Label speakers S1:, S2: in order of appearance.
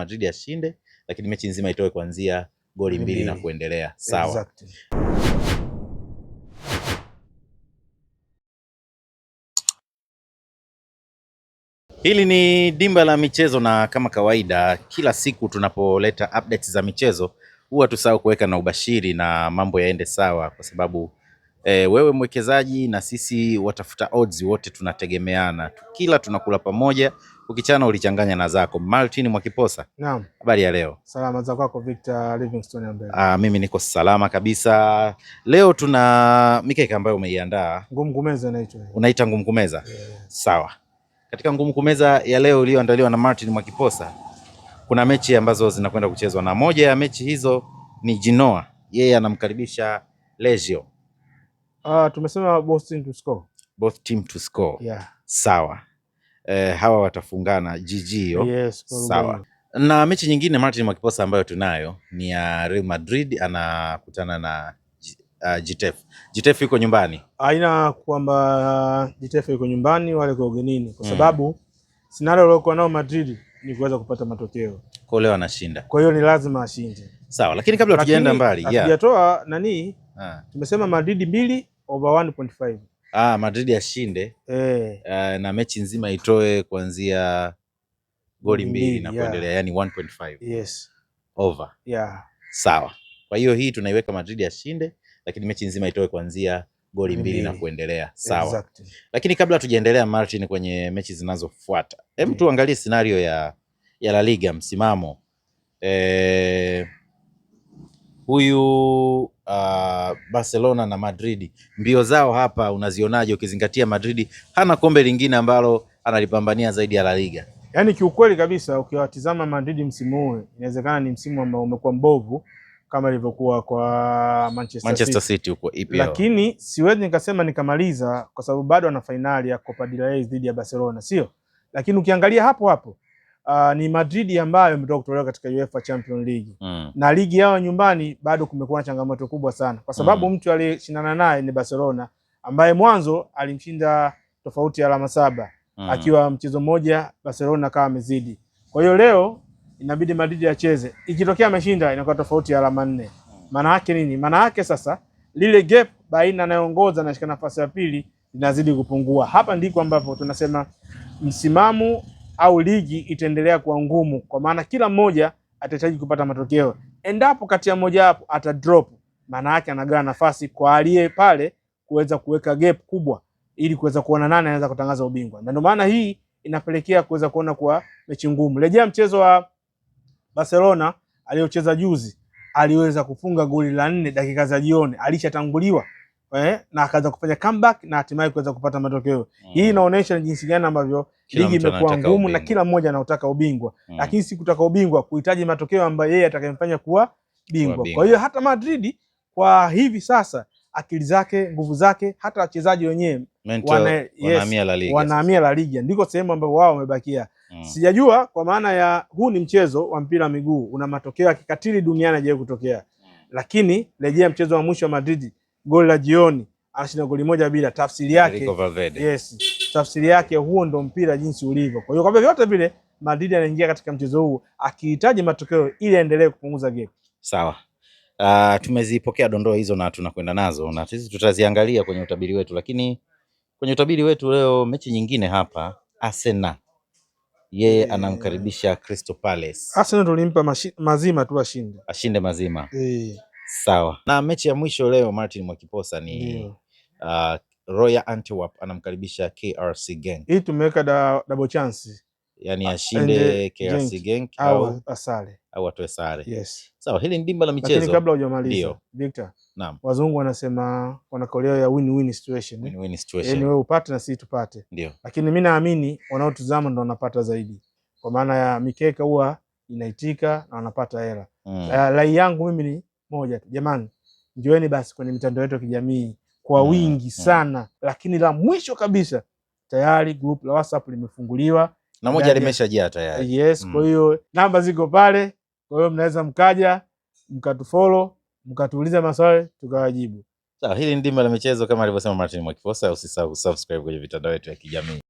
S1: Madrid ashinde, lakini mechi nzima itoe kuanzia goli mbili na kuendelea. Sawa, exactly. Hili ni Dimba la Michezo, na kama kawaida kila siku tunapoleta updates za michezo huwa tusahau kuweka na ubashiri na mambo yaende sawa, kwa sababu e, wewe mwekezaji na sisi watafuta odds wote tunategemeana, kila tunakula pamoja, ukichana ulichanganya na zako. Martin Mwakiposa,
S2: naam, habari ya leo? Salama za kwako Victor Livingstone Ambele.
S1: Ah, mimi niko salama kabisa. Leo tuna mikeka ambayo umeiandaa,
S2: ngumkumeza inaitwa,
S1: unaita ngumkumeza? Yeah. Sawa, katika ngumkumeza ya leo iliyoandaliwa na Martin Mwakiposa kuna mechi ambazo zinakwenda kuchezwa na moja ya mechi hizo ni Jinoa, yeye anamkaribisha Lazio.
S2: Uh, tumesema both team to score.
S1: Both team to score. Yeah. Sawa. Eh, hawa watafungana GG hiyo. Yes, sawa. Na mechi nyingine Martin Mwakiposa ambayo tunayo ni ya Real Madrid anakutana na uh, ah, GTF. GTF yuko nyumbani.
S2: Haina kwamba GTF yuko nyumbani wale kwa ugenini kwa mm. sababu mm. Sinalo waliokuwa nao Madrid ni kuweza kupata matokeo.
S1: Kwa leo anashinda.
S2: Kwa hiyo ni lazima ashinde.
S1: Sawa, lakini kabla tujaenda mbali, yeah.
S2: Hatujatoa nani Ah. Tumesema Madrid mbili over 1.5.
S1: Ah, Madrid ashinde eh, uh, na mechi nzima itoe kuanzia goli mbili na kuendelea, yeah. yani 1.5. Yes. Over. Yeah. Sawa. Kwa hiyo hii tunaiweka Madrid ashinde, lakini mechi nzima itoe kuanzia goli mbili na kuendelea. Sawa. Exactly. Lakini kabla tujaendelea Martin, kwenye mechi zinazofuata, hebu mm. tuangalie scenario ya ya La Liga msimamo. Eh, huyu uh, Barcelona na Madrid, mbio zao hapa unazionaje, ukizingatia Madrid hana kombe lingine ambalo analipambania zaidi ya La Liga?
S2: Yaani kiukweli kabisa ukiwatizama Madrid msimu huu inawezekana ni msimu ambao umekuwa mbovu kama ilivyokuwa kwa Manchester,
S1: Manchester City huko EPL,
S2: lakini siwezi nikasema nikamaliza, kwa sababu bado ana fainali ya Copa del Rey dhidi ya Barcelona, sio? Lakini ukiangalia hapo hapo Uh, ni Madrid ambayo imetoka kutolewa katika UEFA Champions League mm. na ligi yao nyumbani bado kumekuwa na changamoto kubwa sana, kwa sababu mm. mtu aliyeshindana naye ni Barcelona ambaye mwanzo alimshinda tofauti ya alama saba mm. akiwa mchezo mmoja Barcelona kama amezidi. Kwa hiyo leo inabidi Madrid acheze, ikitokea ameshinda inakuwa tofauti ya alama nne. Maana yake nini? Maana yake sasa lile gap baina anayoongoza shika nafasi ya pili inazidi kupungua. Hapa ndiko ambapo tunasema msimamo au ligi itaendelea kuwa ngumu, kwa maana kila mmoja atahitaji kupata matokeo. Endapo kati ya mmoja wapo ata drop, maana yake anagawa nafasi kwa aliye pale kuweza kuweka gap kubwa, ili kuweza kuona nani anaweza kutangaza ubingwa, na ndio maana hii inapelekea kuweza kuona kwa mechi ngumu. Rejea mchezo wa Barcelona aliyocheza juzi, aliweza kufunga goli la nne dakika za jioni, alishatanguliwa eh, na akaanza kufanya comeback na hatimaye kuweza kupata matokeo mm. Hii inaonyesha ni jinsi gani ambavyo ligi imekuwa ngumu na kila mmoja anataka ubingwa mm. Lakini si kutaka ubingwa, kuhitaji matokeo ambayo yeye atakayemfanya kuwa bingwa. Kwa hiyo hata Madrid kwa hivi sasa akili zake, nguvu zake, hata wachezaji wenyewe wana, yes, wanahamia La Liga, ndiko sehemu ambayo wao wamebakia mm. Sijajua kwa maana ya huu ni mchezo wa mpira wa miguu una matokeo ya kikatili duniani hajawahi kutokea, mm. lakini rejea mchezo wa mwisho wa Madrid goli la jioni anashinda goli moja bila. Tafsiri yake yes, tafsiri yake huo ndo mpira jinsi ulivyo. Kwa hiyo kwa vyote vile Madrid anaingia katika mchezo huu akihitaji matokeo ili aendelee kupunguza gap.
S1: Sawa. Uh, tumezipokea dondoo hizo na tunakwenda nazo na sisi tutaziangalia kwenye utabiri wetu, lakini kwenye utabiri wetu leo mechi nyingine hapa Arsenal yeye yeah, anamkaribisha Crystal Palace.
S2: Arsenal tulimpa mazima tu ashinde,
S1: ashinde mazima yeah. Sawa. Na mechi ya mwisho leo Martin Mwakiposa ni Uh, Royal Antwerp anamkaribisha KRC Genk.
S2: Hii tumeweka da, double chance.
S1: Yaani ashinde KRC Genk
S2: au asale
S1: au atoe sare. Yes. Sawa, hili ni dimba la michezo. Lakini
S2: kabla hujamaliza, Victor. Naam. Wazungu wanasema wana koleo ya win win situation.
S1: Win win situation.
S2: Yaani wewe upate na sisi tupate. Ndio. Lakini mimi naamini wanaotuzama ndo wanapata zaidi. Kwa maana ya mikeka huwa inaitika na wanapata hela. Mm. Uh, Lai yangu mimi ni moja tu, jamani, njoeni basi kwenye mitandao yetu ya kijamii kwa mm, wingi mm. sana. Lakini la mwisho kabisa, tayari group la WhatsApp limefunguliwa
S1: na moja limeshajia tayari.
S2: Yes, kwa mm. hiyo namba ziko pale, kwa hiyo mnaweza mkaja mkatufollow mkatuuliza maswali tukawajibu.
S1: Sawa, hili ni Dimba la Michezo kama alivyosema Martin Mwakiposa. Usisahau kusubscribe kwenye mitandao yetu ya kijamii.